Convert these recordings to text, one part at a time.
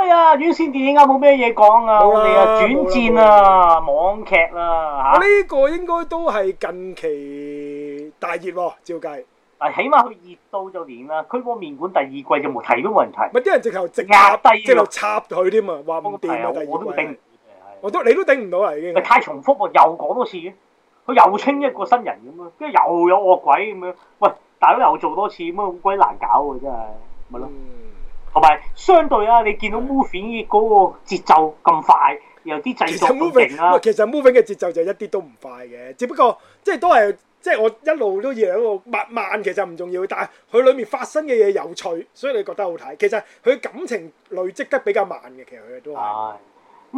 哎呀，院線電影啊，冇咩嘢講啊！我哋啊，轉戰啊，網劇啊。嚇。呢個應該都係近期大熱喎、啊，照計。啊，起碼佢熱到就連啦。佢個麵館第二季就冇睇都冇人睇。咪啲人直頭插第二，直頭插佢添啊！話唔掂啊，我都頂，我都你都頂唔到啦已經。咪太重複喎，又講多次。佢又清一個新人咁樣，跟住又有惡鬼咁樣。喂，大佬又做多次咁啊，好鬼難搞喎，真係咪咯？ 同埋相對啊，你見到 Moving 嗰個節奏咁快，ING, 有啲製作咁勁啦。其實 Moving 嘅節奏就一啲都唔快嘅，只不過即係都係即係我一路都以為一路慢慢，慢其實唔重要。但係佢裏面發生嘅嘢有趣，所以你覺得好睇。其實佢感情累積得比較慢嘅，其實佢都係。咁、啊、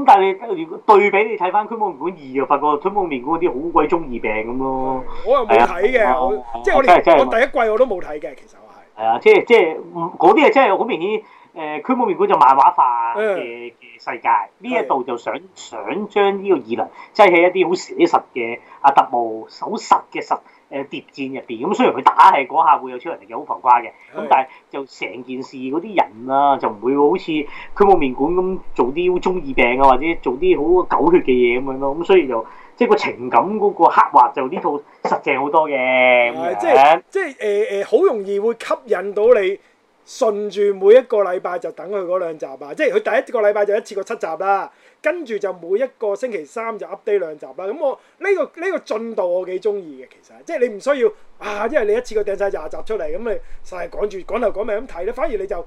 但係你如果對比你睇翻《追夢綿綿二》，就發覺《追夢面嗰啲好鬼中二病咁咯。我又冇睇嘅，即係我哋我第一季我都冇睇嘅，其實。係啊、呃，即係即係嗰啲啊，真係好明顯。誒、呃，《驅魔麵館》就漫畫化嘅嘅世界，呢一度就想想將呢個異能擠喺一啲好寫實嘅阿特務，好實嘅實誒諜戰入邊。咁雖然佢打係嗰下會有超人哋嘅好浮誇嘅，咁、嗯、但係就成件事嗰啲人啊，就唔會好似《驅魔麵館》咁做啲好中二病啊，或者做啲好狗血嘅嘢咁樣咯。咁所以就。即係個情感嗰個刻畫就呢套實淨好多嘅，即係即係誒誒，好、呃呃、容易會吸引到你。順住每一個禮拜就等佢嗰兩集啊！即係佢第一個禮拜就一次過七集啦，跟住就每一個星期三就 update 兩集啦。咁、嗯、我呢、這個呢、這個進度我幾中意嘅，其實即係你唔需要啊，因為你一次過掟晒廿集出嚟，咁、嗯、你曬趕住趕頭趕命咁睇，咧，反而你就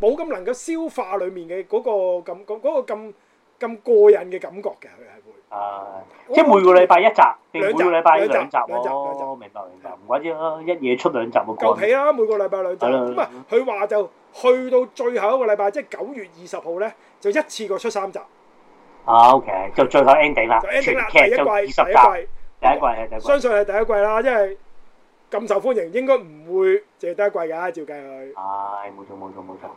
冇咁能夠消化裡面嘅嗰、那個咁嗰咁咁過癮嘅感覺嘅，佢係會。啊！即係每個禮拜一集，定每個禮拜兩集喎。明白明白，唔怪之啦，一嘢出兩集嘅。夠皮啦，每個禮拜兩集。唔係，佢話就去到最後一個禮拜，即係九月二十號咧，就一次過出三集。啊，OK，就最後 ending 啦，全劇就二十集，第一季係第一季，相信係第一季啦，因為咁受歡迎，應該唔會淨係第一季嘅，照計佢。唉，冇錯冇錯冇錯。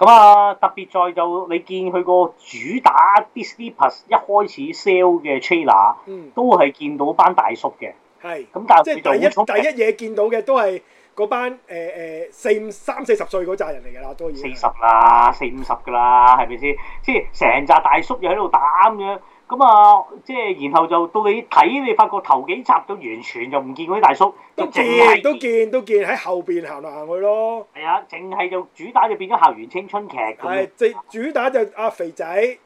咁啊，特別在就你見佢個主打 Disney+ 一開始 sell 嘅 trailer、嗯、都係見到班大叔嘅。係是，咁但係即係第一很第一嘢見到嘅都係嗰班誒誒四五三四十歲嗰扎人嚟㗎啦，都已經。四十啦，四五十㗎啦，係咪先？即係成紮大叔又喺度打咁樣。咁、嗯、啊，即係然後就到你睇，你發覺頭幾集就完全就唔見嗰啲大叔，都淨都見只都見喺後邊行嚟行去咯。係、 嗯、啊，淨係就主打就變咗校園青春劇咁。係、嗯，即主打就阿、啊、肥仔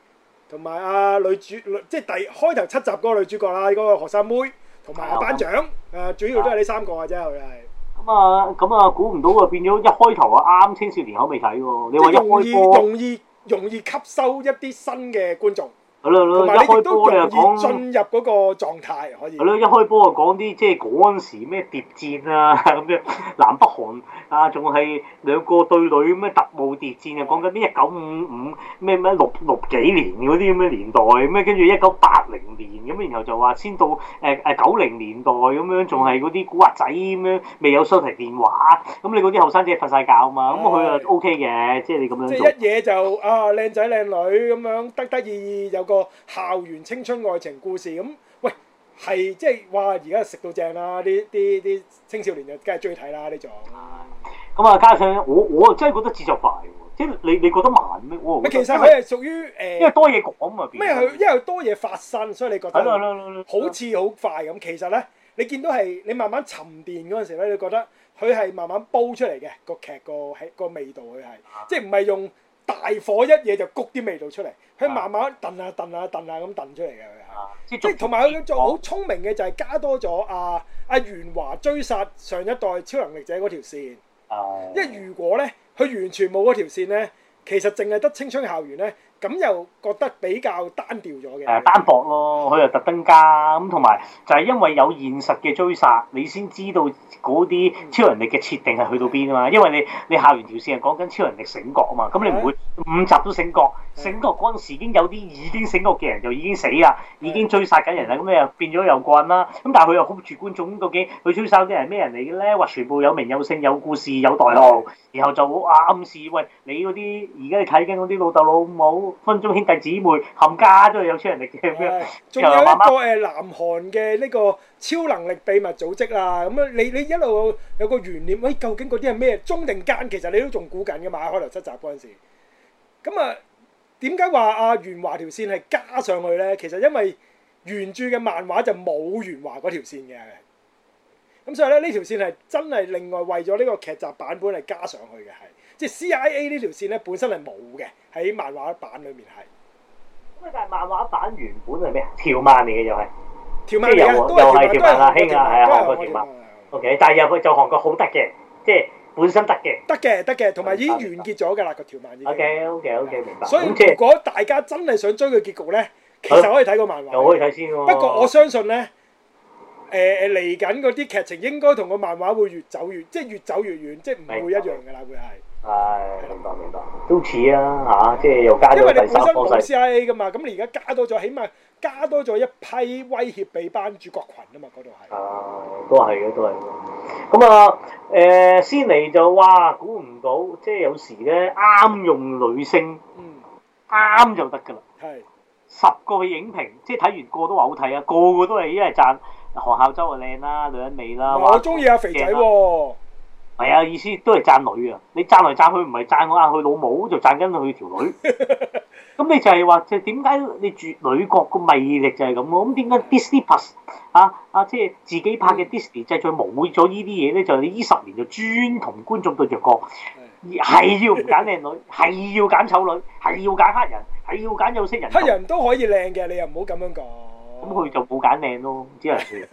同埋阿女主，即係第一開頭七集嗰個女主角啦、啊，嗰、那個學生妹同埋阿班長。誒、嗯，主要都係呢三個、嗯嗯、啊。真就係。咁、嗯嗯、啊，咁啊，估唔到啊，變咗一開頭啊，啱青少年口味睇喎。你話一開波，容易容易吸收一啲新嘅觀眾。係咯，一開波你就講進入嗰個狀態可以。係咯，一開波就講啲即係嗰陣時咩諜戰啊咁樣，南北韓啊，仲係兩個對壘咩特務諜戰啊，講緊啲一九五五咩咩六六幾年嗰啲咁嘅年代咩，跟住一九八零年咁，然後就話先到誒誒九零年代咁樣，仲係嗰啲古惑仔咁樣，未有手提電話，咁你嗰啲後生仔瞓曬覺啊嘛，咁佢就 O K 嘅，即係你咁樣做。即係一嘢就啊靚仔靚女咁樣，得得意有個。個校園青春愛情故事咁，喂，係即係話而家食到正啦！啲啲啲青少年就梗係追睇啦呢種。咁啊，加上我我真係覺得節奏快，即係你你覺得慢咩？其實佢係屬於誒，因為多嘢講啊咩啊？因為多嘢發生，所以你覺得好似好快咁。吧其實咧，你見到係你慢慢沉澱嗰陣時咧，你覺得佢係慢慢煲出嚟嘅個劇個係個味道，佢係、啊、即係唔係用。大火一嘢就焗啲味道出嚟，佢的慢慢燉下、啊、燉下、啊、燉下、啊、咁燉、啊、燉出嚟嘅，即係同埋佢做好聰明嘅就係加多咗阿阿袁華追殺上一代超能力者嗰條線，的因為如果咧佢完全冇嗰條線咧，其實淨係得青春校園咧。咁又覺得比較單調咗嘅，誒單薄咯，佢又特登加咁，同埋就係因為有現實嘅追殺，你先知道嗰啲超人力嘅設定係去到邊啊嘛，因為你你校完條線係講緊超人力醒覺啊嘛，咁你唔會五集都醒覺，醒覺嗰陣時已經有啲已經醒覺嘅人就已經死啦，已經追殺緊人啦，咁你又變咗又慣啦，咁但係佢又好住觀眾，究竟佢追殺啲人咩人嚟嘅咧？話全部有名有姓有故事有代號，然後就話、啊、暗示喂你嗰啲而家你睇緊嗰啲老豆老母。分宗兄弟姊妹，冚家都係有超能力嘅，仲有一個誒南韓嘅呢個超能力秘密組織啦，咁、嗯、樣你你一路有一個懸念，喂、哎、究竟嗰啲係咩？忠定奸，其實你都仲估緊嘅嘛。開頭七集嗰陣時，咁啊，點解話阿元華條線係加上去咧？其實因為原著嘅漫畫就冇元華嗰條線嘅，咁所以咧呢條線係真係另外為咗呢個劇集版本係加上去嘅係。即係 CIA 呢條線咧，本身係冇嘅，喺漫畫版裏面係。咁啊，但係漫畫版原本係咩？條漫嚟嘅又係。條漫嚟啊，都係條漫啦，起碼係啊，韓國條漫。OK，但係入去做韓國好得嘅，即係本身得嘅。得嘅，得嘅，同埋已經完結咗噶啦個條漫。OK，OK，OK，明白。所以如果大家真係想追個結局咧，其實可以睇個漫畫。又可以睇先喎。不過我相信咧，誒誒嚟緊嗰啲劇情應該同個漫畫會越走越，即係越走越遠，即係唔會一樣噶啦，會係。係，明白明白，都似啊吓、啊，即係又加咗第三波勢嘅嘛。咁你而家加多咗，起碼加多咗一批威脅俾班主角群啊嘛。嗰度係啊，都係嘅，都係嘅。咁啊，誒、啊呃、先嚟就哇，估唔到，即係有時咧啱用女星，啱、嗯、就得㗎啦。係是十個影評，即係睇完個都話好睇啊，個個都係因為讚學校周圍靚啦，女人味啦、啊。我中意阿肥仔喎、啊。啊係啊，意思都係讚女啊！你讚嚟讚去，唔係讚我啊，佢老母，就讚緊佢條女。咁 你就係話，就係點解你住女國個魅力就係咁咯？咁點解 Disney Plus 啊啊，即係自己拍嘅 Disney 製作冇咗呢啲嘢咧，就係、你呢十年就專同觀眾對着角，係 要唔揀靚女，係要揀醜女，係要揀黑人，係要揀有色人。黑人都可以靚嘅，你又唔好咁樣講。咁佢就冇揀靚咯，只能算。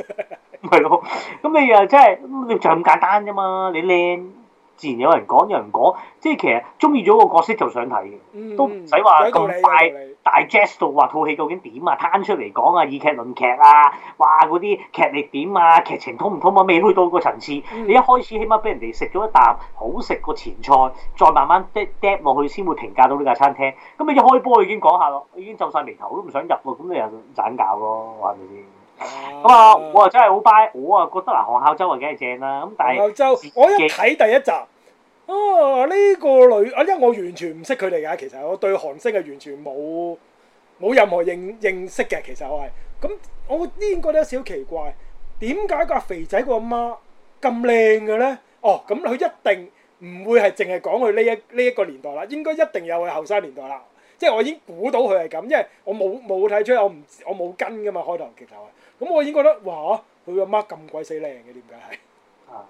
係咯，咁你又真係，你就咁簡單啫嘛。你靚，自然有人講，有人講。即係其實中意咗個角色就想睇嘅，嗯、都唔使話咁快、嗯那個、digest 到話套戲究竟點啊，攤出嚟講啊，以劇論劇啊，哇嗰啲劇力點啊，劇情通唔通啊，未去到個層次。嗯、你一開始起碼俾人哋食咗一啖好食個前菜，再慢慢 deep deep 落去先會評價到呢間餐廳。咁你一開波已經講下咯，已經皺晒眉頭都唔想入咯，咁你又盞搞咯，係咪先？咁啊，我啊真係好 by，我啊覺得嗱，韓孝周啊幾係正啦。咁但係韓孝周，我一睇第一集，哦呢個女，啊因為我完全唔識佢哋噶，其實我對韓星係完全冇冇任何認認識嘅。其實我係，咁我呢覺得有少奇怪，點解個肥仔個媽咁靚嘅咧？哦，咁佢一定唔會係淨係講佢呢一呢一個年代啦，應該一定有佢後生年代啦。即係我已經估到佢係咁，因為我冇冇睇出，我唔我冇跟噶嘛開頭其實啊。咁我已經覺得哇！佢阿媽咁鬼死靚嘅，點解係？啊，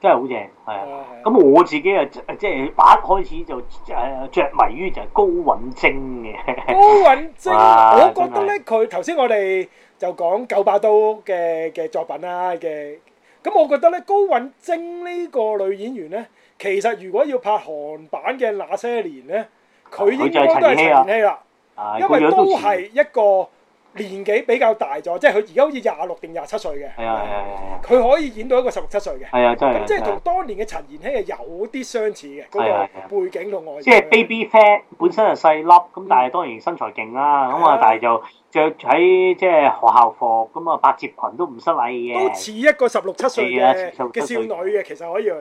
真係好正，係啊！咁我自己啊，即係一開始就誒著迷於就係高允晶嘅。高允晶，我覺得咧，佢頭先我哋就講九把刀嘅嘅作品啦嘅。咁我覺得咧，高允晶呢個女演員咧，其實如果要拍韓版嘅那些年咧，佢應該都係陳年戲啦，因為都係一個。年紀比較大咗，即係佢而家好似廿六定廿七歲嘅。係啊係啊，佢可以演到一個十六七歲嘅。係啊，真係咁即係同當年嘅陳妍希係有啲相似嘅。係啊，背景同外形。即係 baby fat 本身係細粒，咁但係當然身材勁啦。咁啊，但係就著喺即係學校服，咁啊百褶裙都唔失禮嘅。都似一個十六七歲嘅嘅少女嘅，其實可以話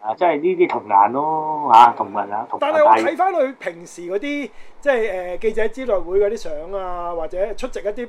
啊，即係呢啲童顏咯，吓童顏啊，同，同但係我睇翻佢平時嗰啲，即係誒記者招待會嗰啲相啊，或者出席一啲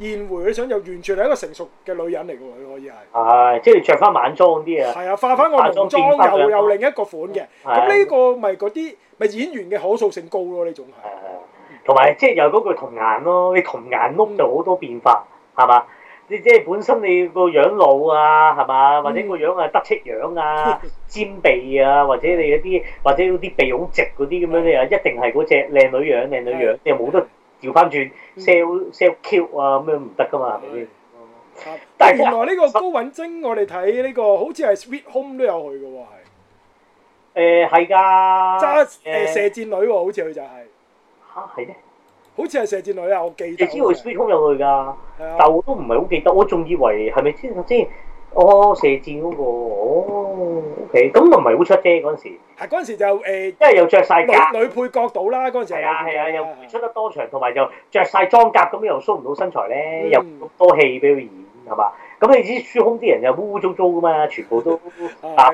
宴會嘅相，又完全係一個成熟嘅女人嚟噶喎，可以係係，即係着翻晚裝啲啊係啊，化翻個濃妝又有另一個款嘅，咁呢、啊、個咪嗰啲咪演員嘅可塑性高咯、啊，呢種係係同埋即係又嗰句童顏咯，你童顏窿就好多變化，係嘛？你即係本身你個樣老啊，係嘛？或者個樣啊得戚樣啊，尖鼻啊，或者你一啲或者啲鼻好直嗰啲咁樣咧，一定係嗰隻靚女樣，靚女樣，你又冇得調翻轉 sell sell cute 啊，咁樣唔得噶嘛，係咪先？但係原來呢個高允貞，我哋睇呢個好似係 sweet home 都有去嘅喎，係。誒係㗎，揸誒射箭女喎，好似佢就係。吓係咩？好似係射箭女啊，我記得。你知佢疏空入去噶，但我都唔係好記得。我仲以為係咪先？哦，射箭嗰個哦，OK。咁又唔係好出啫嗰陣時。係嗰時就誒，因為又著曬甲女配角到啦嗰陣時。係啊係啊，又唔出得多場，同埋又着晒裝甲咁又 show 唔到身材咧，又咁多戲俾佢演係嘛？咁你知疏空啲人又污污糟糟噶嘛，全部都啊，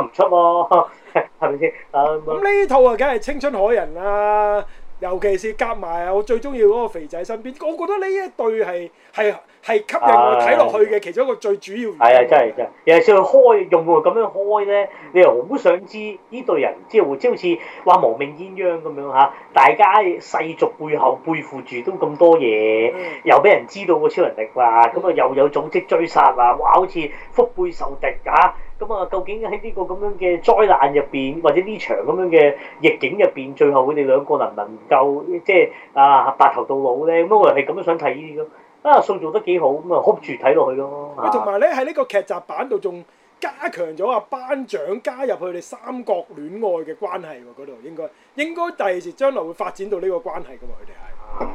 唔出咯，係咪先？咁呢套啊，梗係《青春可人》啦。尤其是夾埋啊！我最中意嗰個肥仔身邊，我覺得呢一對係係。係吸引我睇落去嘅、啊、其中一個最主要。係啊，真係真係。尤其是佢開用佢咁樣開咧，嗯、你又好想知呢對人即係，即好似話亡命鴛鴦咁樣嚇。大家世俗背後背負住都咁多嘢，嗯、又俾人知道個超能力啦，咁啊、嗯、又有組織追殺啊，哇！好似腹背受敵啊。咁、嗯、啊，究竟喺呢個咁樣嘅災難入邊，或者呢場咁樣嘅逆境入邊，最後佢哋兩個能唔能夠即啊白頭到老咧？咁啊，我又係咁樣想睇呢啲咯。啊，塑造得幾好咁啊，hold 住睇落去咯。喂，同埋咧喺呢個劇集版度仲加強咗阿班長加入佢哋三角戀愛嘅關係喎，嗰度應該應該第二時將來,來會發展到呢個關係噶嘛。佢哋係。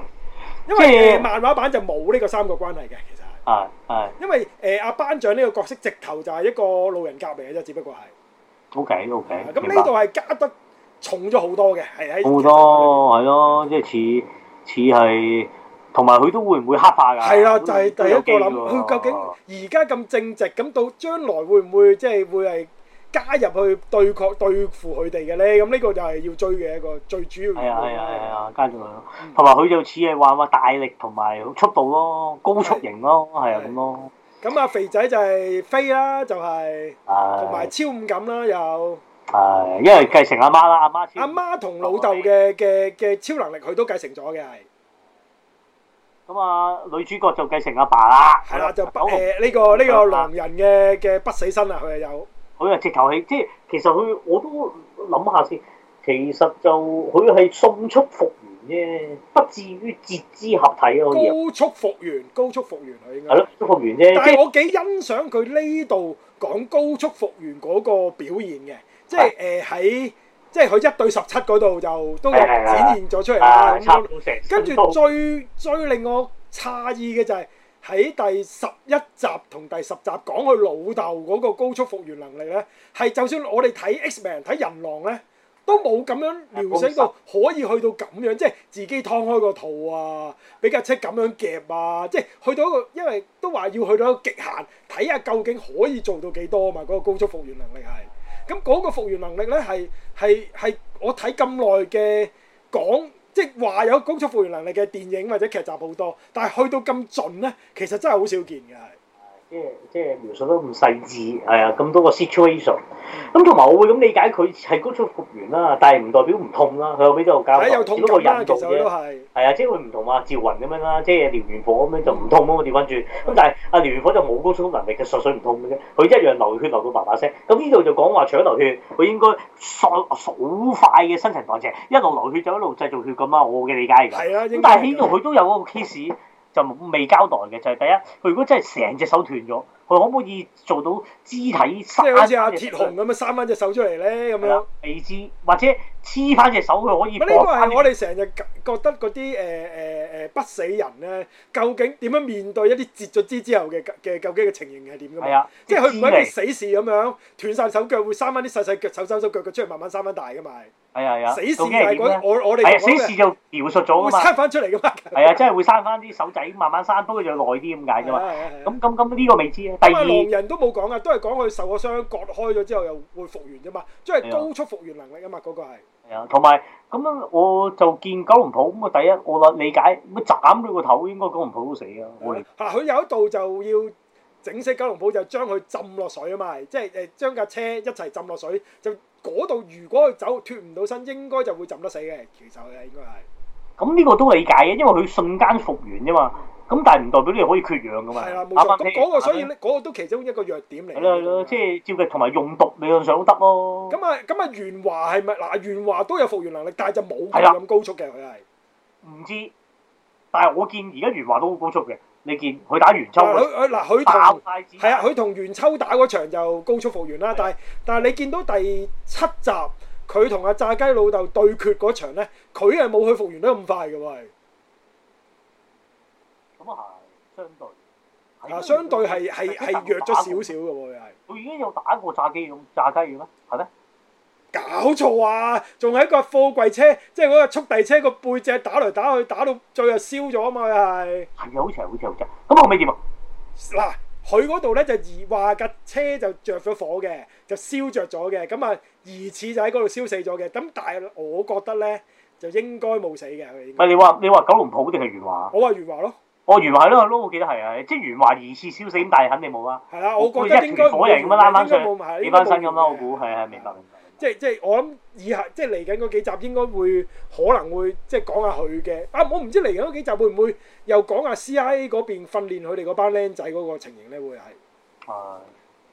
因為、欸、漫畫版就冇呢個三角關係嘅，其實係。啊啊！因為誒阿、呃、班長呢個角色直頭就係一個路人甲嚟嘅啫，只不過係。O K O K。咁呢度係加得重咗好多嘅，係喺。好多係咯，即係似似係。同埋佢都會唔會黑化㗎？係啦，就係第一個諗佢究竟而家咁正直，咁到將來會唔會即係會係加入去對抗對付佢哋嘅咧？咁呢個就係要追嘅一個最主要。係啊係啊係啊，加入佢咯。同埋佢就似係話話大力同埋速度咯，高速型咯，係啊咁咯。咁啊肥仔就係飛啦，就係同埋超五感啦，又係因為繼承阿媽啦，阿媽超。阿媽同老竇嘅嘅嘅超能力，佢都繼承咗嘅。咁啊，女主角就繼承阿爸，爸啦，係啦的，就不誒呢個呢、嗯、個狼人嘅嘅、嗯、不死身啦，佢又有，佢啊直頭係即係，其實佢我都諗下先，其實就佢係迅速復原啫，不至於截肢合體啊，可以高速復原，高速復原佢應該係咯，復原啫，的但係我幾欣賞佢呢度講高速復原嗰個表現嘅，嗯、即係誒喺。即係佢一對十七嗰度就都係的展現咗出嚟啦。的跟住最最，最令我詫異嘅就係、是、喺第十一集同第十集講佢老豆嗰個高速復原能力咧，係就算我哋睇 X-Men 睇人狼咧，都冇咁樣描寫到可以去到咁樣，十即係自己劏開個肚啊，俾架車咁樣夾啊，即係去到一個，因為都話要去到一個極限，睇下究竟可以做到幾多嘛？嗰、那個高速復原能力係。咁嗰個復原能力咧，係係係我睇咁耐嘅講，即係話有高速復原能力嘅電影或者劇集好多，但係去到咁盡咧，其實真係好少見嘅係。即係即係描述得咁細緻，係啊，咁多個 situation，咁同埋我會咁理解佢係高速復原啦，但係唔代表唔痛啦、啊。佢後邊就講只不過人用啫，係啊，即係佢唔同啊，趙雲咁樣啦，即係燎原火咁樣就唔痛啊，我調翻轉。咁但係阿燎原火就冇高速能力，就實在唔痛嘅、啊、啫。佢一樣流血流到爸爸聲。咁呢度就講話除咗流血，佢應該好快嘅新陳代謝，一路流血就一路製造血咁啊。我嘅理解係咁。係啊，咁但係呢度佢都有個 case。就未交代嘅，就係第一，佢如果真係成隻手斷咗，佢可唔可以做到肢體？即係好似阿鐵雄咁樣生翻隻手出嚟咧，咁樣未知，或者黐翻隻手佢可以。呢個係我哋成日覺得嗰啲誒誒誒不死人咧，究竟點樣面對一啲截咗肢之後嘅嘅究竟嘅情形係點㗎嘛？係啊，即係佢唔係啲死事咁樣斷晒手腳，會生翻啲細細腳手手手腳腳出嚟，慢慢生翻大㗎嘛？係啊係啊，死侍我我哋係死侍就描述咗噶會生翻出嚟噶嘛？係啊、哎，真係會生翻啲手仔，慢慢生，不過就耐啲咁解啫嘛。咁咁咁呢個未知啊。啊這個、知第二，狼、嗯、人都冇講啊，都係講佢受個傷割開咗之後又會復原啫嘛，即係高速復原能力啊嘛，嗰個係。係啊，同埋咁樣，啊、我就見九龍浦咁啊，第一我理解，咁斬咗個頭應該九龍浦都死啊。嗱，佢有一度就要整死九龍浦、呃，就將佢浸落水啊嘛，即係誒將架車一齊浸落水就。嗰度如果佢走脱唔到身，應該就會浸得死嘅，其實嘅應該係。咁呢個都理解嘅，因為佢瞬間復原啫嘛。咁、嗯、但係唔代表你可以缺氧嘅嘛。係啦、啊，冇錯。咁嗰個所以嗰完個都其中一個弱點嚟。係咯、啊，即係照計同埋用毒理論上都得咯。咁啊咁啊，元華係咪嗱？元華都有復原能力，但係就冇咁高速嘅佢係。唔、啊、知，但係我見而家元華都好高速嘅。你見佢打元秋佢嗱，佢同係啊，佢同元秋打嗰場就高速復原啦。但係但係，你見到第七集佢同阿炸雞老豆對決嗰場咧，佢係冇去復原得咁快㗎喎。咁啊，係相對啊，相對係係係弱咗少少㗎喎，佢已經有打過炸雞，咁炸雞嘅咩？係咩？搞錯啊！仲係一個貨櫃車，即係嗰個速遞車個背脊打嚟打去，打到最後燒咗啊嘛！佢係係啊，好似好似好似。咁後尾點啊？嗱，佢嗰度咧就疑話架車就着咗火嘅，就燒着咗嘅。咁啊，疑似就喺嗰度燒死咗嘅。咁但係我覺得咧，就應該冇死嘅佢。唔係你話你話九龍埔定係元華？我話元華咯。哦，元華係咯，我都記得係啊。即係元華疑似燒死，但係肯定冇啊。係啦，我估應該火人咁樣拉翻上起翻身咁咯。我估係係，明白。即係即係，我諗以後即係嚟緊嗰幾集應該會可能會即係講下佢嘅、嗯。啊，我唔知嚟緊嗰幾集會唔會又講下 CIA 嗰邊訓練佢哋嗰班僆仔嗰個情形咧，會係。係。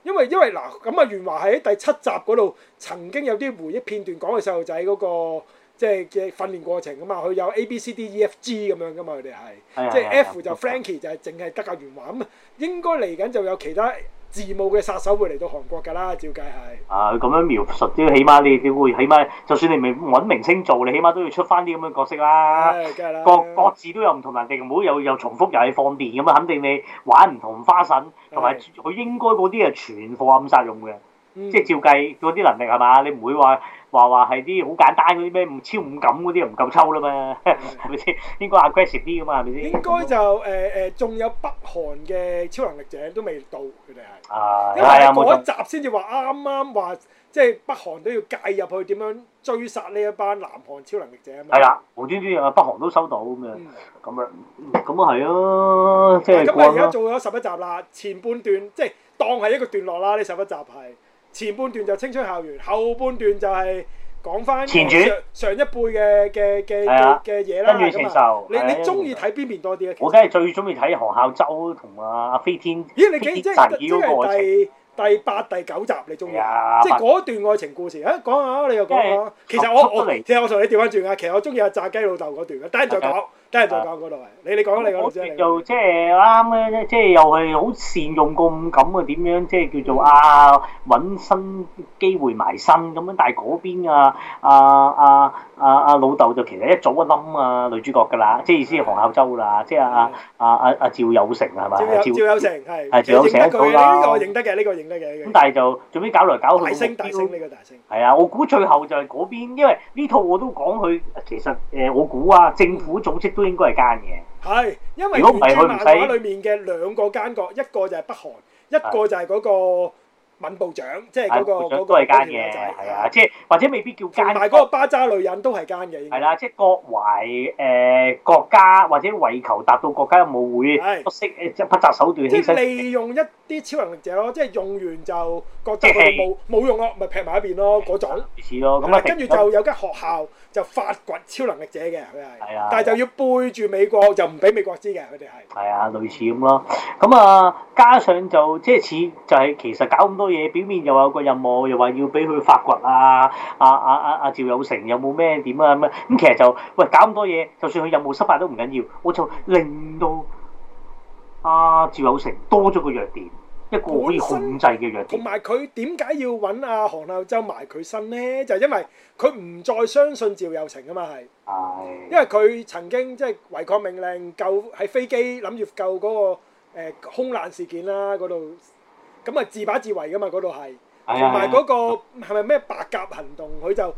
因為因為嗱，咁啊，袁華喺第七集嗰度曾經有啲回憶片段講嘅細路仔嗰個即係嘅訓練過程噶嘛，佢有 A B C D E F G 咁樣噶嘛，佢哋係。嗯、即係 F、嗯、就 Frankie 就係淨係得阿袁華咁啊，應該嚟緊就有其他。字幕嘅殺手會嚟到韓國㗎啦，照計係。啊，咁樣描述啲，起碼你點會？起碼就算你未揾明星做，你起碼都要出翻啲咁嘅角色啦。哎、啦各自都有唔同人，人哋唔好又又重複，又係放電咁啊！樣肯定你玩唔同花臣，同埋佢應該嗰啲係全副暗殺用嘅。嗯、即係照計嗰啲能力係嘛？你唔會話話話係啲好簡單嗰啲咩五超五感嗰啲唔夠抽啦嘛？係咪先？應該阿 Grace 啲嘛，係咪先？應該就誒誒，仲、呃、有北韓嘅超能力者都未到，佢哋係，因為一集先至話啱啱話，即、就、係、是、北韓都要介入去點樣追殺呢一班南韓超能力者啊嘛。係啦，無端端啊，北韓都收到咁樣，咁、嗯、樣咁啊係咯。咁啊，而家、嗯、做咗十一集啦，前半段即係當係一個段落啦。呢十一集係。前半段就青春校園，後半段就係講翻上上一輩嘅嘅嘅嘅嘢啦。跟住其實，你你中意睇邊邊多啲咧？我梗係最中意睇韓孝周同阿阿飛天啲神鬼嗰個情。第八、第九集你中意即係嗰段愛情故事，誒，講下你又講下。其實我我即係我同你調翻轉啊，其實我中意阿炸雞老豆嗰段嘅，等陣再講。即係就，港嗰度，你你講你講就即係啱咧，即係又係好善用個五感啊！點樣即係叫做啊揾新機會埋身咁樣。但係嗰邊啊啊啊啊啊老豆就其實一早一冧啊女主角㗎啦，即係意思係何孝洲啦，即係啊啊啊啊趙有成啊，係嘛？趙有成係係趙有成嗰套啦。認得呢個，我認得嘅呢個認得嘅。咁但係就做咩搞嚟搞去大升大升呢個大升？係啊，我估最後就係嗰邊，因為呢套我都講佢其實誒，我估啊政府組織應該係奸嘅。係，因為如果唔係去睇，漫畫裏面嘅兩個奸角，一個就係北韓，一個就係嗰個敏部長，即係嗰個嗰個。都係奸嘅，係啊，即係或者未必叫奸。同埋嗰個巴渣女人都係奸嘅。係啦，即係國懷誒國家或者為求達到國家任務會不惜誒即係不擇手段。即係利用一啲超能力者咯，即係用完就覺得冇冇用咯，咪撇埋一邊咯嗰種。似咯，咁啊跟住就有間學校。就發掘超能力者嘅佢係，啊、但係就要背住美國，就唔俾美國知嘅佢哋係。係啊，類似咁咯。咁、嗯、啊，加上就即係似就係、係、其實搞咁多嘢，表面又話有個任務，又話要俾佢發掘啊！阿阿阿阿趙有成有冇咩點啊咁啊？咁、嗯、其實就喂搞咁多嘢，就算佢任務失敗都唔緊要，我就令到阿、啊、趙有成多咗個弱點。一個可以控制嘅藥片，同埋佢點解要揾阿韓孝周埋佢身呢？就係因為佢唔再相信趙又成啊嘛，係，因為佢曾經即係違抗命令救喺飛機，諗住救嗰個誒空難事件啦嗰度，咁啊自把自為噶嘛嗰度係，同埋嗰個係咪咩白鴿行動？佢就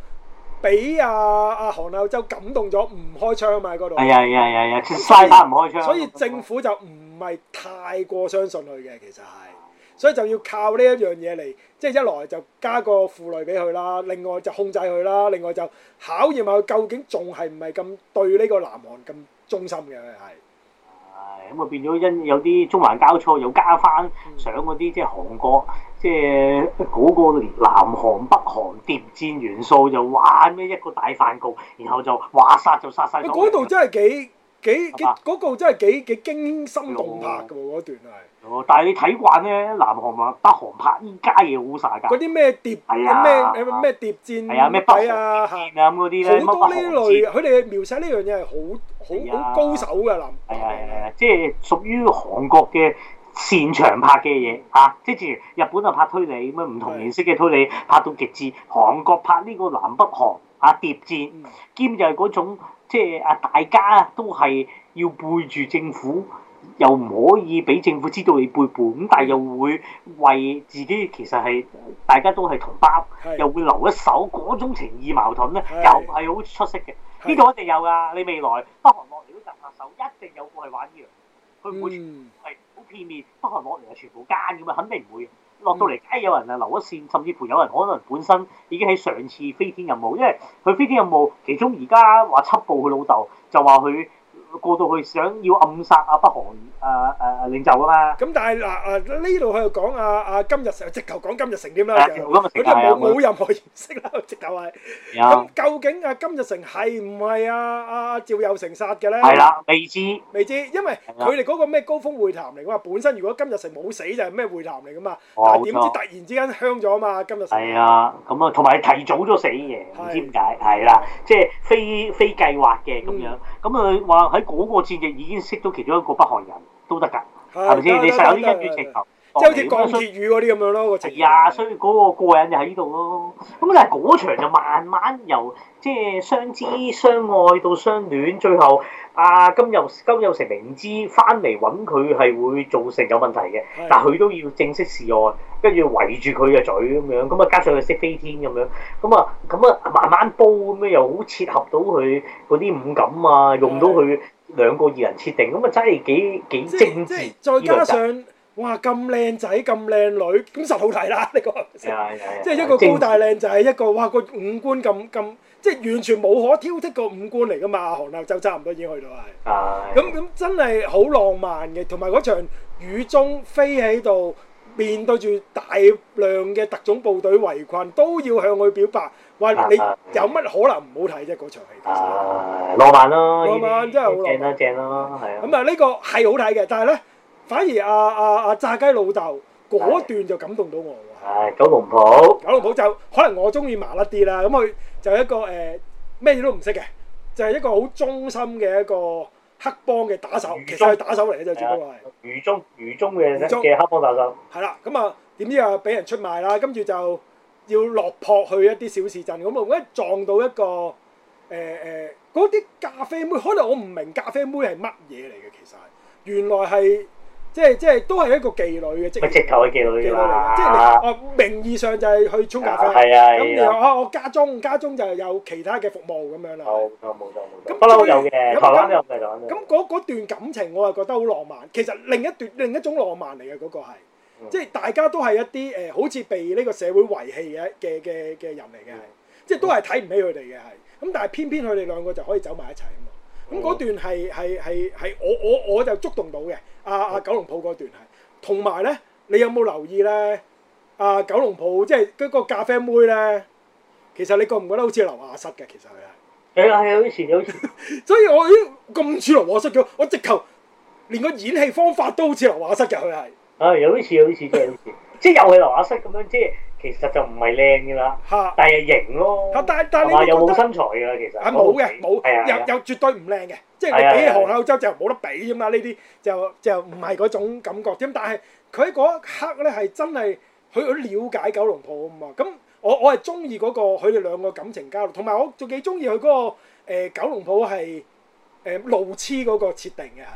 俾阿阿韓孝周感動咗，唔開槍啊嘛嗰度，係啊係啊係啊，切曬打唔開槍，所以政府就唔係太過相信佢嘅，其實係。所以就要靠呢一樣嘢嚟，即係一來就加個負累俾佢啦，另外就控制佢啦，另外就考驗下佢究竟仲係唔係咁對呢個南韓咁忠心嘅。係。係，咁啊、嗯、變咗因有啲中環交錯又加翻上嗰啲即係韓國即係嗰個南韓北韓諜戰元素，就玩咩一個大飯局，然後就話殺就殺晒。嗰度真係幾～幾幾嗰個真係幾幾驚心動魄㗎段係哦，但係你睇慣咧，南韓同北韓拍依家嘢好晒㗎。嗰啲咩碟啊咩咩碟戰啊咩北啊啲嚇，好多呢類佢哋描寫呢樣嘢係好好好高手㗎，林。係係係，即係屬於韓國嘅擅長拍嘅嘢嚇，即係譬如日本啊拍推理咁啊，唔同形式嘅推理拍到極致，韓國拍呢個南北韓啊碟戰，兼就係嗰種。即係啊！大家都係要背住政府，又唔可以俾政府知道你背叛，咁但係又會為自己其實係大家都係同胞，是又會留一手嗰種情義矛盾咧，是又係好出色嘅。呢度是一定有㗎，你未來北韓落嚟都揼下手，一定有過去玩呢樣，佢唔會係好片面，北韓落嚟係全部奸咁啊，肯定唔會落到嚟，梗係有人啊留一線。甚至乎有人可能本身已經喺上次飛天任務，因為佢飛天任務其中而家話七步，佢老豆就話佢。過到去想要暗殺阿北韓啊啊啊領袖啊嘛，咁但係嗱啊呢度佢又講啊啊金日成直頭講金日成點啦，佢都冇冇任何意識啦，直頭係咁究竟啊金日成係唔係啊啊趙又成殺嘅咧？係啦，未知未知，因為佢哋嗰個咩高峰會談嚟，我話本身如果金日成冇死就係咩會談嚟噶嘛，但係點知突然之間香咗啊嘛，金日成係啊咁啊，同埋提早咗死嘅，唔知點解係啦，即係非非計劃嘅咁樣，咁啊話喺。嗰個戰役已經識到其中一個北韓人都得噶，係咪先？吧對你實有啲恩怨情投。即係啲鋼鐵雨嗰啲咁樣、哎呀嗯、咯，係啊，所以嗰個過癮就喺呢度咯。咁但係嗰場就慢慢由即係相知相愛到相戀，最後啊，金有金有成明知翻嚟揾佢係會造成有問題嘅，是的 但係佢都要正式示愛，跟住圍住佢嘅嘴咁樣，咁啊加上佢識飛天咁樣，咁啊咁啊慢慢煲咁樣又好切合到佢嗰啲五感啊，是的 用到佢兩個二人設定，咁啊真係幾幾精緻。再加上。哇！咁靚仔咁靚女，咁實好睇啦！呢個即係一個高大靚仔，一個哇個五官咁咁，即係完全冇可挑剔個五官嚟噶嘛！韓流就差唔多已經去到係，咁咁真係好浪漫嘅，同埋嗰場雨中飛喺度，面對住大量嘅特種部隊圍困，都要向佢表白。喂！你有乜可能唔好睇啫？嗰場戲，浪漫咯，浪漫咯，正啦正啦，係啊！咁啊，呢個係好睇嘅，但係咧。反而阿阿阿炸雞老豆嗰段就感動到我喎，係九龍鋪，九龍鋪就可能我中意麻甩啲啦。咁佢就一個誒咩嘢都唔識嘅，就係、是、一個好忠心嘅一個黑幫嘅打手，中其實係打手嚟嘅就只不過係。雨中魚中嘅黑幫打手係啦。咁啊中，點知啊俾人出賣啦？跟住就要落魄去一啲小市鎮咁，無端撞到一個誒誒嗰啲咖啡妹。可能我唔明咖啡妹係乜嘢嚟嘅，其實原來係。即係即係都係一個妓女嘅即係直頭嘅妓女嚟嘅。即係我名義上就係去沖咖啡。係啊、嗯，咁你話啊，我家中，家中就有其他嘅服務咁樣啦。冇錯，冇冇錯。不嬲那最有嘅，咁嗰段感情我係覺得好浪漫，其實另一段另一種浪漫嚟嘅嗰個係，即係大家都係一啲誒、呃、好似被呢個社會遺棄嘅嘅嘅嘅人嚟嘅係，即係、嗯、都係睇唔起佢哋嘅係，咁但係偏偏佢哋兩個就可以走埋一齊。咁嗰段係係係係我我我就觸動到嘅。阿阿九龍鋪嗰段係，同埋咧，你有冇留意咧？阿九龍鋪即係嗰個咖啡妹咧，其實你覺唔覺得好似劉亞瑟嘅？其實佢係係啊係有啲似有，所以我已經咁似劉亞瑟嘅，我直頭連個演戲方法都好似劉亞瑟嘅，佢係啊，有啲似有啲似即係有啲似即係又係劉亞瑟咁樣即係。其實就唔係靚噶啦，嚇！但係型咯嚇，但但呢個又冇身材㗎，其實嚇冇嘅冇，又又絕對唔靚嘅，即係你比起韓亞洲就冇得比啫嘛。呢啲就就唔係嗰種感覺。咁但係佢喺嗰一刻咧係真係佢好了解九龍埔啊嘛。咁我我係中意嗰個佢哋兩個感情交流，同埋我仲幾中意佢嗰個誒九龍埔係誒路痴嗰個設定嘅係。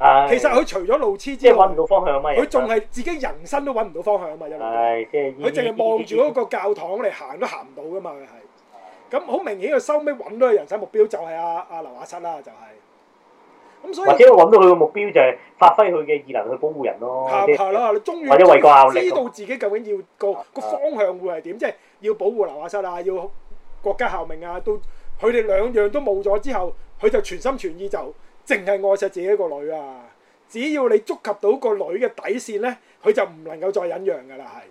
其實佢除咗路痴之外，佢仲係自己人生都揾唔到方向啊嘛！是一路佢淨係望住嗰個教堂嚟行都行唔到噶嘛！佢係咁好明顯，佢收尾揾到嘅人生目標就係阿阿劉亞瑟啦，就係、是、咁所以或者揾到佢嘅目標就係發揮佢嘅異能去保護人咯，是或者為國啊，知道自己究竟要個個方向會係點，即係、啊、要保護劉亞瑟啊，要國家效命啊，到佢哋兩樣都冇咗之後，佢就全心全意就。淨係愛錫自己一個女啊！只要你觸及到個女嘅底線咧，佢就唔能夠再忍讓㗎啦，係。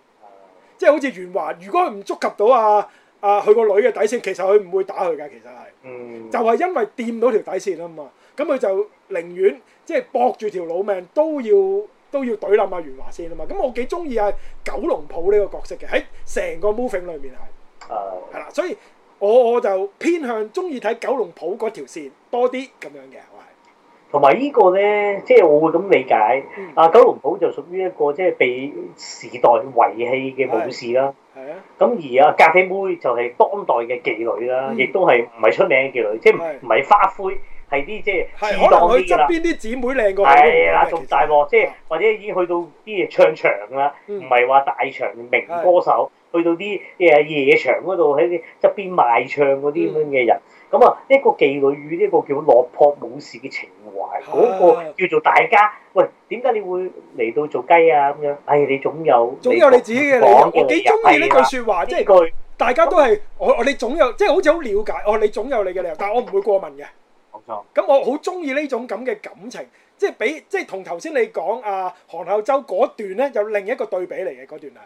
即係好似元華，如果佢唔觸及到啊啊佢個女嘅底線，其實佢唔會打佢㗎，其實係。嗯。就係因為掂到條底線啊嘛，咁佢就寧願即係搏住條老命都要都要懟冧阿元華先啊嘛。咁我幾中意啊，九龍浦呢個角色嘅喺成個 moving 裏面係。係、嗯。係啦，所以我我就偏向中意睇九龍浦嗰條線多啲咁樣嘅。同埋呢個咧，即係我會咁理解，啊、嗯、九龍堡就屬於一個即係被時代遺棄嘅武士啦。係啊。咁而啊咖啡妹就係當代嘅妓女啦，亦都係唔係出名嘅妓女，即係唔係花魁。係啲即係可能佢側邊啲姊妹靚過佢。係啦，仲大喎，即係或者已經去到啲唱場啦，唔係話大場明歌手，去到啲誒夜場嗰度喺側邊賣唱嗰啲咁樣嘅人。咁啊，一個妓女與一個叫落魄武士嘅情懷，嗰個叫做大家。喂，點解你會嚟到做雞啊？咁樣，係你總有，總有你自己嘅理由。我幾中意呢句説話，即係大家都係我，你總有，即係好似好了解。哦，你總有你嘅理由，但係我唔會過問嘅。咁我好中意呢種咁嘅感情，即係比即係同頭先你講阿韓孝周嗰段咧，有另一個對比嚟嘅嗰段係，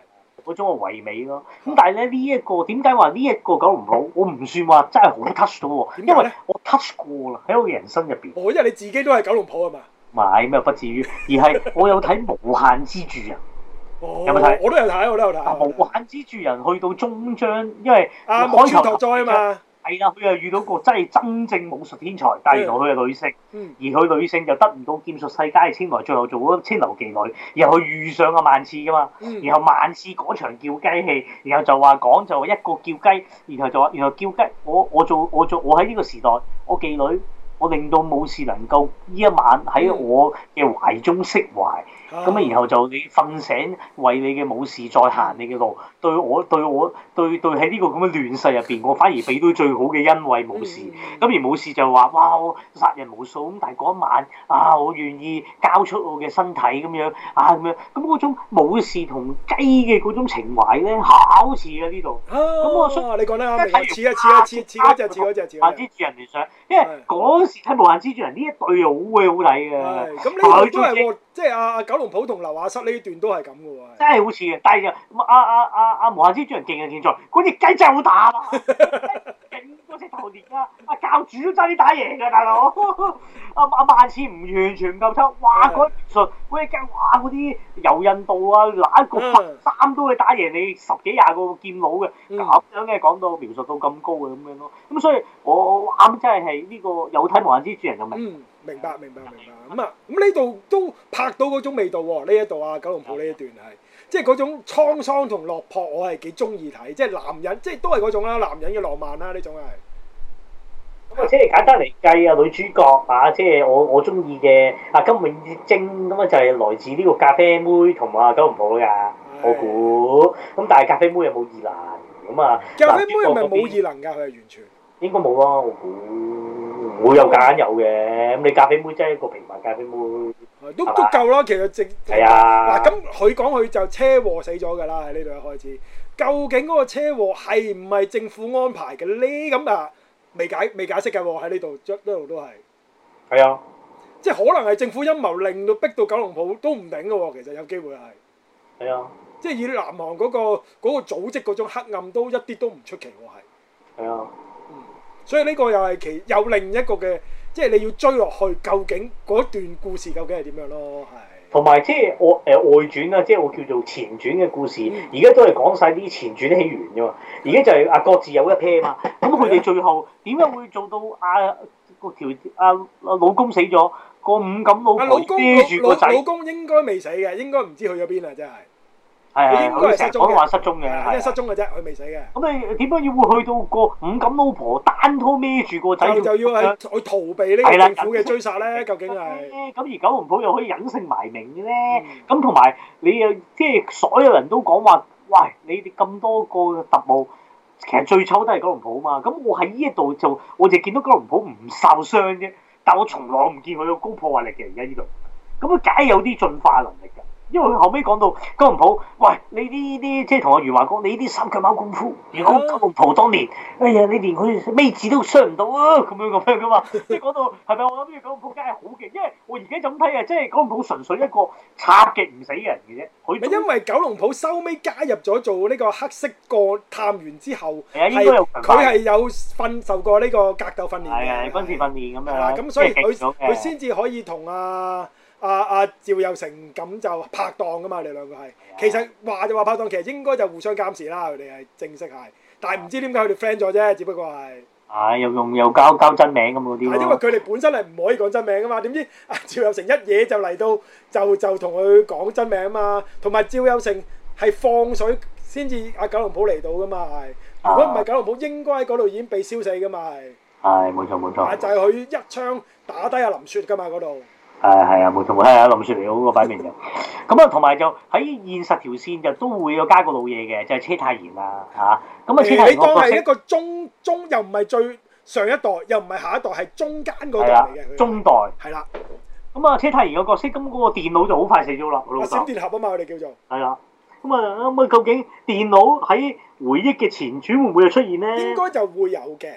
好種我唯美咯。咁但係咧，呢一個點解話呢一個九龍坡，我唔算話真係好 touch 到喎，因為咧我 touch 過啦，喺我嘅人生入邊。我因為你自己都係九龍坡啊嘛。唔咩，不至於，而係我有睇無限之住人，有冇睇？我都有睇，我都有睇。無限之住人去到終章，因為啊，木村拓哉啊嘛。係啦，佢、哎、又遇到個真係真正武術天才，但係原來佢係女性，而佢女性又得唔到劍術世界嘅青睞，最後做咗青樓妓女，然後佢遇上個萬次㗎嘛，然後萬次嗰場叫雞戲，然後就話講就一個叫雞，然後就話，然後叫雞，我我做我做我喺呢個時代，我妓女。我令到武士能夠呢一晚喺我嘅懷中釋懷，咁啊、so kind of so, like，然後就你瞓醒，為你嘅武士再行你嘅路。對我對我對對喺呢個咁嘅亂世入邊，我反而俾到最好嘅恩惠武士。咁而武士就話：哇，我殺人無數咁，但係嗰一晚啊，我願意交出我嘅身體咁樣啊咁樣。咁嗰種武士同雞嘅嗰種情懷咧，考似啊呢度。咁我出你講得啱，似啊似啊似似嗰隻似嗰隻似。啊！似人哋想，因為睇無限蜘蛛人呢一隊又好鬼好抵嘅，佢、嗯、 都係即係、啊、阿九龍埔同劉亞瑟呢段都係咁嘅喎，真係好似嘅。但係阿阿阿阿無限之主人勁嘅存在，嗰隻雞真係好打，頂多隻頭裂啦。阿教主都爭啲打贏嘅大佬。阿阿萬次唔完全唔夠抽，哇！嗰嗰隻雞哇，啲、呃、由印度啊，哪一個黑三都會打贏你十幾廿個劍佬嘅。咁、嗯、樣嘅講到描述到咁高嘅咁樣咯。咁所以我啱真係係呢個有睇無限之主人嘅咪。嗯。明白，明白，明白。咁啊、嗯，咁呢度都拍到嗰種味道喎。呢一度啊，九龍埔呢一段係，即係嗰種滄桑同落魄，我係幾中意睇。即係男人，即係都係嗰種啦。男人嘅浪漫啦，呢種係。咁啊，嗯、即係簡單嚟計啊，女主角啊，即係我我中意嘅啊金永月。晶咁啊，就係、是、來自呢個咖啡妹同啊九龍埔噶。的我估咁，但係咖啡妹有冇異能咁啊？咖啡妹係咪冇異能㗎？佢係完全。完全應該冇啊！我估唔會有假，有嘅咁你咖啡妹即係一個平凡咖啡妹，係都都夠啦。其實正係啊嗱，咁佢講佢就車禍死咗㗎啦，喺呢度一開始。究竟嗰個車禍係唔係政府安排嘅呢？咁啊未解未解釋嘅喎喺呢度，呢度都係係啊，即係可能係政府陰謀，令到逼到九龍埔都唔頂嘅喎。其實有機會係係啊，即係以南韓嗰個嗰個組織嗰種黑暗，都一啲都唔出奇喎。係係啊。所以呢個又係其有另一個嘅，即係你要追落去，究竟嗰段故事究竟係點樣咯？係。同埋即係外誒外傳啦，即係我叫做前傳嘅故事，而家、嗯、都係講晒啲前傳起源啫嘛。而家就係啊，各自有一 pair 嘛。咁佢哋最後點解會做到啊？是啊個條啊老公死咗，個五感老婆，老公孭住個仔。老公應該未死嘅，應該唔知去咗邊啊！真係。係啊，成日我都話失蹤嘅，即係失蹤嘅啫，佢未的死嘅。咁你點解要會去到個五感老婆單拖孭住個仔，對啊、就要去逃避呢政府嘅追殺咧？的嗯、究竟係咁、啊、而九龍埔又可以隱姓埋名嘅咧？咁同埋你又即係所有人都講話，喂，你哋咁多個特務，其實最醜都係九龍埔啊嘛。咁我喺呢一度就我就見到九龍埔唔受傷啫，但我從來唔見佢有高破壞力嘅，而家呢度咁解有啲進化能力噶？因為佢後尾講到九龍浦，喂，你呢啲即係同阿袁華講，你呢啲三腳貓功夫，如果九龍浦當年，哎呀，你連佢尾指都傷唔到啊，咁、呃、樣咁樣噶嘛，即係講到係咪？ 我諗住九龍浦梗係好勁，因為我而家咁睇嘅，即係九龍浦純粹一個插極唔死人嘅啫。佢因為九龍浦收尾加入咗做呢個黑色個探員之後，係佢係有訓受過呢個格鬥訓練嘅，軍事、啊、訓練咁樣，咁、啊、所以佢佢先至可以同阿、啊。阿阿趙有成咁就拍檔噶嘛，你哋兩個係，其實話就話拍檔，其實應該就互相監視啦。佢哋係正式係，但係唔知點解佢哋 friend 咗啫，只不過係。係又用又交交真名咁嗰啲。係因為佢哋本身係唔可以講真名噶嘛，點知阿趙有成一嘢就嚟到就就同佢講真名嘛，同埋趙有成係放水先至阿九龍寶嚟到噶嘛係，如果唔係九龍寶應該喺嗰度已經被燒死噶嘛係。係冇錯冇錯。係就係佢一槍打低阿林雪噶嘛嗰度。誒係啊，冇錯冇係啊，林雪嚟嗰個擺明嘅。咁啊， 同埋就喺現實條線就都會有加個老嘢嘅，就係、是、車太賢啊嚇。咁啊，車太賢、欸、一個中中，又唔係最上一代，又唔係下一代，係中間嗰代中代。係啦、嗯。咁啊的，車太賢個角色咁嗰個電腦就好快死咗啦。啊，閃電俠啊嘛，我哋叫做。係啊。咁啊咁啊，究竟電腦喺回憶嘅前傳會唔會出現咧？應該就會有嘅。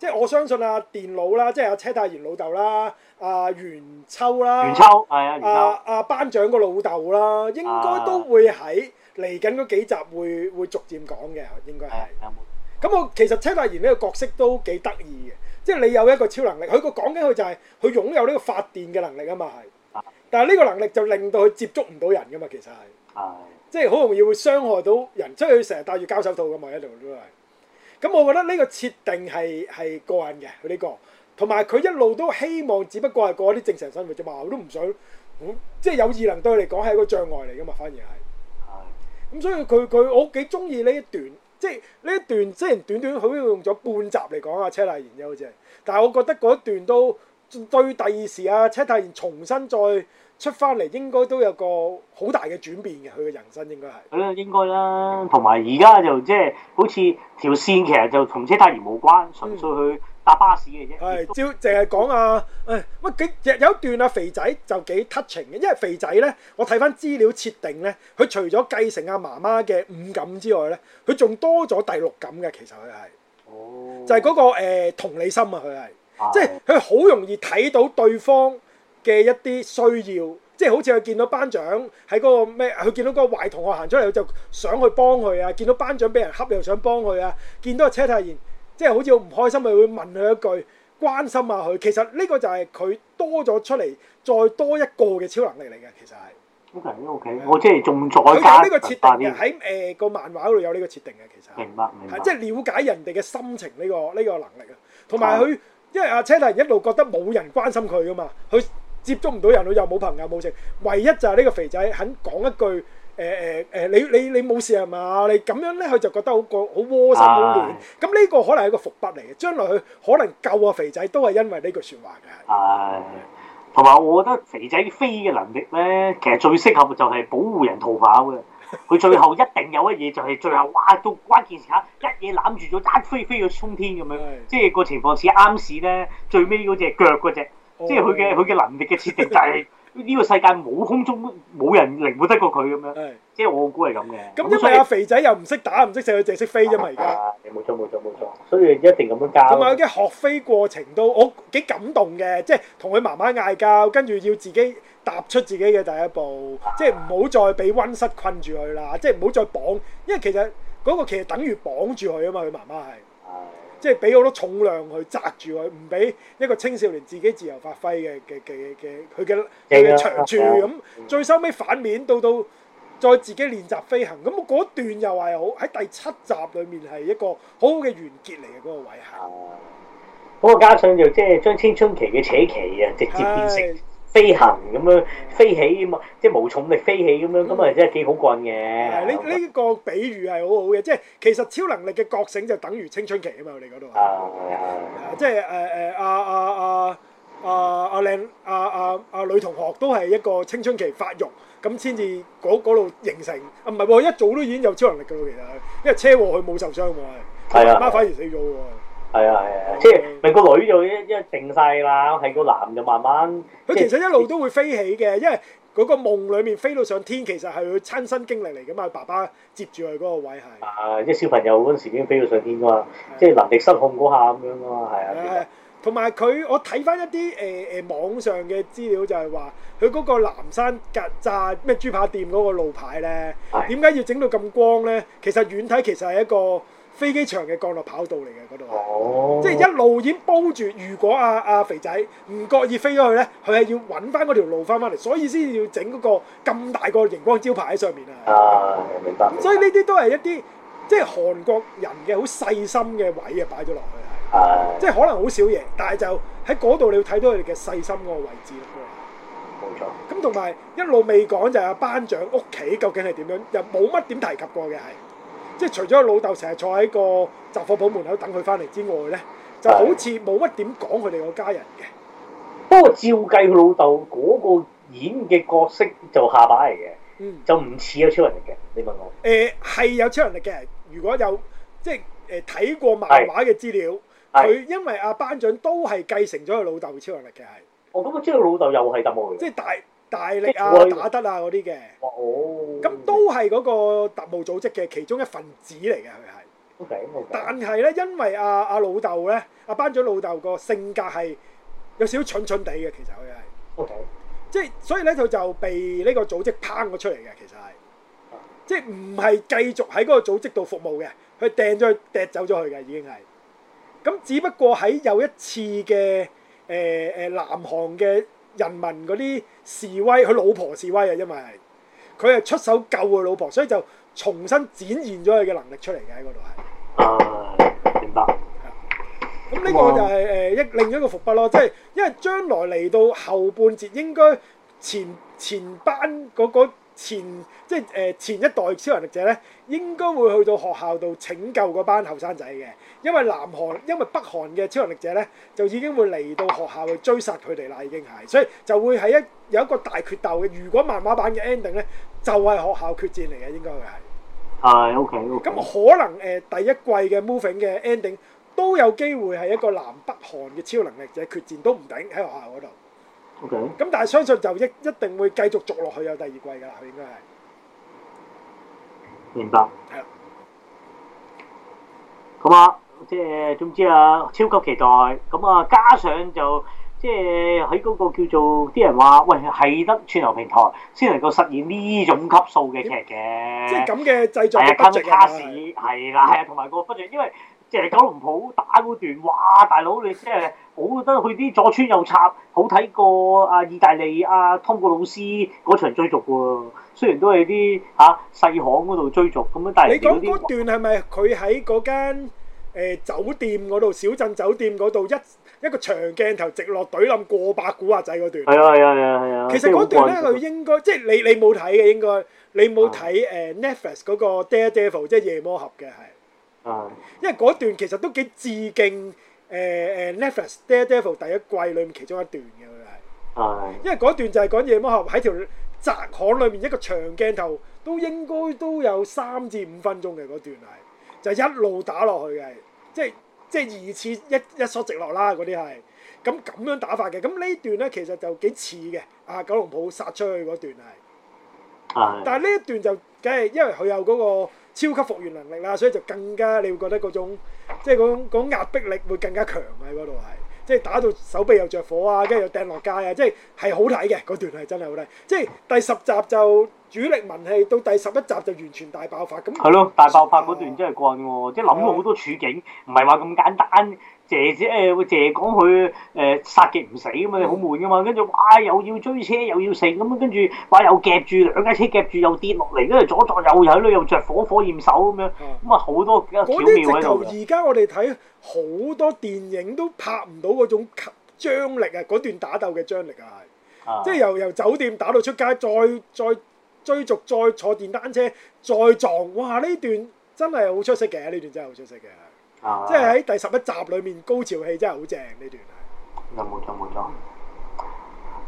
即係我相信啊，電腦啦，即係阿、啊、車大賢老豆啦，阿、啊、袁秋啦，袁秋係啊，阿、啊、班長個老豆啦，應該都會喺嚟緊嗰幾集會會逐漸講嘅，應該係。咁我其實車大賢呢個角色都幾得意嘅，即係你有一個超能力，佢個講緊佢就係佢擁有呢個發電嘅能力嘛啊嘛係，但係呢個能力就令到佢接觸唔到人噶嘛，其實係，啊、即係好容易會傷害到人，即係佢成日戴住膠手套嘛。喺度都係。咁我覺得呢個設定係係過癮嘅，佢呢個，同埋佢一路都希望，只不過係過一啲正常生活啫嘛。我都唔想，嗯、即係有異能對佢嚟講係一個障礙嚟噶嘛，反而係。係。咁所以佢佢我幾中意呢一段，即係呢一段即一段雖然短短，佢用咗半集嚟講啊，車太賢啫，好似但係我覺得嗰一段都對第二時啊，車太賢重新再。出翻嚟應該都有個好大嘅轉變嘅，佢嘅人生應該係係啦，應該啦，同埋而家就即、就、係、是、好似條線其實就同車太鉉冇關，嗯、純粹去搭巴士嘅啫。係照淨係講啊，誒、哎，乜幾有有一段啊？肥仔就幾 touching 嘅，因為肥仔咧，我睇翻資料設定咧，佢除咗繼承阿、啊、媽媽嘅五感之外咧，佢仲多咗第六感嘅，其實佢係哦，就係、是、嗰、那個、呃、同理心啊，佢係、啊、即係佢好容易睇到對方。嘅一啲需要，即係好似佢見到班長喺嗰個咩，佢見到嗰個壞同學行出嚟，佢就想去幫佢啊；見到班長俾人恰又想幫佢啊；見到阿車太賢，即係好似好唔開心，佢會問佢一句關心下佢。其實呢個就係佢多咗出嚟，再多一個嘅超能力嚟嘅。其實係 O K O K，我即係中作加。佢有呢個設定嘅，喺誒個漫畫嗰度有呢個設定嘅，其實明白明白，明白即係了解人哋嘅心情呢、呢個呢、呢個能力啊。同埋佢因為阿車太賢一路覺得冇人關心佢噶嘛，佢。接觸唔到人，佢又冇朋友冇食。唯一就係呢個肥仔肯講一句誒誒誒，你你你冇事係嘛？你咁樣咧，佢就覺得好過好窩心好暖。咁呢、哎、個可能係個伏筆嚟嘅，將來佢可能救個肥仔都係因為呢句説話嘅。係、哎，同埋我覺得肥仔飛嘅能力咧，其實最適合就係保護人逃跑嘅。佢最後一定有一嘢，就係最後哇到關鍵時刻一嘢攬住咗，一飛飛到沖天咁樣。哎、即係個情況似啱屎咧，最尾嗰隻腳嗰隻。哦、即係佢嘅佢嘅能力嘅設定就係呢 個世界冇空中冇人靈活得過佢咁是樣，即係我估係咁嘅。咁因為阿以肥仔又唔識打唔識射，佢淨係識飛啫嘛，而家、啊。冇、啊、錯冇錯冇錯，所以一定咁樣教。同埋佢嘅學飛過程都我幾感動嘅，即係同佢媽媽嗌交，跟住要自己踏出自己嘅第一步，啊、即係唔好再俾溫室困住佢啦，即係唔好再綁，因為其實嗰個其實等於綁住佢啊嘛，佢媽媽係。即係俾好多重量去壓住佢，唔俾一個青少年自己自由發揮嘅嘅嘅嘅佢嘅嘅長處咁。最收尾反面到到再自己練習飛行咁嗰段又係好，喺第七集裡面係一個好好嘅完結嚟嘅嗰個位下咁啊，加上就即係將青春期嘅扯旗啊，直接變成。飛行咁樣飛起，即係無重力飛起咁樣，咁啊真係幾好棍嘅。呢呢、嗯 呢個比喻係好好嘅，即係其實超能力嘅覺醒就等於青春期啊嘛，我哋嗰度。即係誒誒阿阿阿阿阿靚阿阿阿女同學都係一個青春期發育，咁先至嗰度形成。啊唔係、啊，一早都已經有超能力噶啦，其實，因為車禍佢冇受傷喎，佢阿媽反而死咗喎。嗯嗯係啊係啊，即係，咪個女就一一定晒啦，係個男就慢慢。佢其實一路都會飛起嘅，因為嗰個夢裏面飛到上天，其實係佢親身經歷嚟噶嘛。爸爸接住佢嗰個位係。啊，即係小朋友嗰時已經飛到上天噶嘛，即係能力失控嗰下咁樣啊嘛，係啊。誒，同埋佢，我睇翻一啲誒誒網上嘅資料就係話，佢嗰個南山格咋咩豬扒店嗰個路牌咧，點解要整到咁光咧？其實遠睇其實係一個。飛機場嘅降落跑道嚟嘅，嗰度，oh. 即係一路已經煲住。如果阿、啊、阿、啊、肥仔唔覺意飛咗去咧，佢係要揾翻嗰條路翻翻嚟，所以先至要整嗰個咁大個熒光招牌喺上面啊！明白、oh. 是。所以呢啲都係一啲即係韓國人嘅好細心嘅位啊，擺咗落去係，即係可能好少嘢，但係就喺嗰度你要睇到佢哋嘅細心個位置咯。冇、oh. 錯。咁同埋一路未講就係阿班長屋企究竟係點樣，又冇乜點提及過嘅係。即係除咗老豆成日坐喺個雜貨鋪門口等佢翻嚟之外咧，就好似冇乜點講佢哋個家人嘅。不過照計，老豆嗰個演嘅角色就下把嚟嘅，嗯、就唔似有超能力嘅。你問我，誒係、呃、有超能力嘅。如果有即係誒睇過漫畫嘅資料，佢的因為阿班長都係繼承咗佢老豆超能力嘅係。哦，咁、嗯、即係佢老豆又係特務嘅。即係大。大力啊，打得啊，嗰啲嘅，咁都係嗰個特務組織嘅其中一份子嚟嘅，佢係。都頂 Okay, okay. 但係咧，因為阿、啊、阿、啊、老豆咧，阿班長老豆個性格係有少少蠢蠢地嘅，其實佢係。我懂。即係所以咧，佢就被呢個組織拋咗出嚟嘅，其實係。即係唔係繼續喺嗰個組織度服務嘅，佢掟咗掟走咗佢嘅，已經係。咁只不過喺有一次嘅誒誒南韓嘅，人民嗰啲示威，佢老婆示威啊，因為佢係出手救佢老婆，所以就重新展現咗佢嘅能力出嚟嘅喺嗰度係。明白。咁呢、嗯這個就係誒一另一個伏筆咯，即係因為將來嚟到後半截應該前前班嗰個。前即係誒、呃、前一代超能力者咧，應該會去到學校度拯救嗰班後生仔嘅，因為南韓因為北韓嘅超能力者咧，就已經會嚟到學校去追殺佢哋啦，已經係，所以就會係一有一個大決鬥嘅。如果漫畫版嘅 ending 咧，就係、是、學校決戰嚟嘅，應該係。係、啊、OK k、okay。咁、嗯、可能誒、呃、第一季嘅 Moving 嘅 ending 都有機會係一個南北韓嘅超能力者決戰都唔頂，都唔定喺學校嗰度。OK，咁但係相信就一一定會繼續續落去有第二季㗎啦，佢應該係明白。係啦，咁啊，即係總之啊，超級期待。咁啊，加上就即係喺嗰個叫做啲人話，喂係得串流平台先能夠實現呢種級數嘅劇嘅。即係咁嘅製作係啊，卡卡士係啦，係啊，同埋個分別，因為即係九龍埔打嗰段，哇！大佬你即係。我覺得去啲左穿右插，好睇過阿、啊、意大利阿湯哥老師嗰場追逐喎。雖然都係啲嚇細巷嗰度追逐咁樣，但係你講說嗰段係咪佢喺嗰間酒店嗰度，小鎮酒店嗰度一一,一個長鏡頭直落隊冧過百古惑仔嗰段？係啊係啊係啊！啊啊啊其實嗰段咧佢應該即係你你冇睇嘅應該，你冇睇誒 Netflix 嗰個 Daredevil 即係夜魔俠嘅係啊，的因為嗰段其實都幾致敬。誒誒、uh，Netflix《Daredevil》第一季裏面其中一段嘅佢係，uh huh. 因為嗰段就係講夜魔俠喺條窄巷裏面一個長鏡頭，都應該都有三至五分鐘嘅嗰段係，就是、一路打落去嘅，即係即係二次一一梭直落啦嗰啲係，咁咁樣打法嘅，咁呢段咧其實就幾似嘅，啊九龍堡殺出去嗰段係，uh huh. 但係呢一段就梗係因為佢有嗰、嗰個。超級復原能力啦，所以就更加你會覺得嗰種即係嗰種嗰種壓迫力會更加強喺嗰度係，即係打到手臂又着火啊，跟住又掟落街啊，即係係好睇嘅嗰段係真係好睇，即係第十集就主力文戲，到第十一集就完全大爆發咁。係咯，大爆發嗰段真係慣喎，啊、即係諗到好多處境，唔係話咁簡單。姐姐誒會謝講佢誒殺極唔死啊嘛，好悶噶嘛，跟住哇，又要追車又要食。咁跟住話又夾住兩架車夾住又跌落嚟，跟住左撞右又喺度又着火火焰手咁樣，咁啊，好多啲鏡頭而家我哋睇好多電影都拍唔到嗰種張力啊！嗰段打鬥嘅張力啊，係，即係由由酒店打到出街，再再追逐，再坐電單車，再撞哇！呢段真係好出色嘅，呢段真係好出色嘅。即係喺第十一集裏面高潮戲真係好正呢段啊！冇錯冇錯，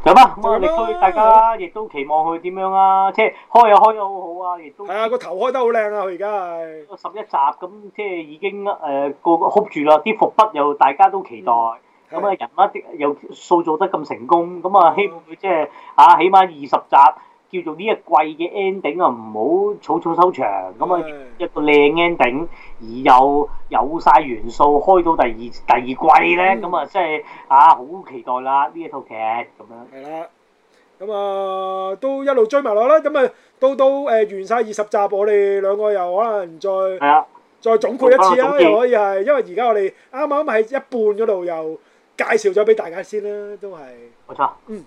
咁啊，我哋大家亦都期望佢點樣啊？即係開又開得好好啊！亦都係啊，個頭開得好靚啊！佢而家係十一集咁，即係已經誒、呃、個個 hold 住啦。啲伏筆又大家都期待，咁啊、嗯、人物又塑造得咁成功，咁啊希望佢即係啊起碼二十集。叫做呢一季嘅 ending 啊，唔好草草收場，咁啊的一個靚 ending，而又有晒元素開到第二第二季咧，咁的啊即係啊好期待啦呢一套劇咁樣。係啦，咁啊都一路追埋落啦，咁啊到到誒、呃、完晒二十集，我哋兩個又可能再的再總括一次啦，又可以係因為而家我哋啱啱喺一半嗰度又介紹咗俾大家先啦，都係冇錯，嗯。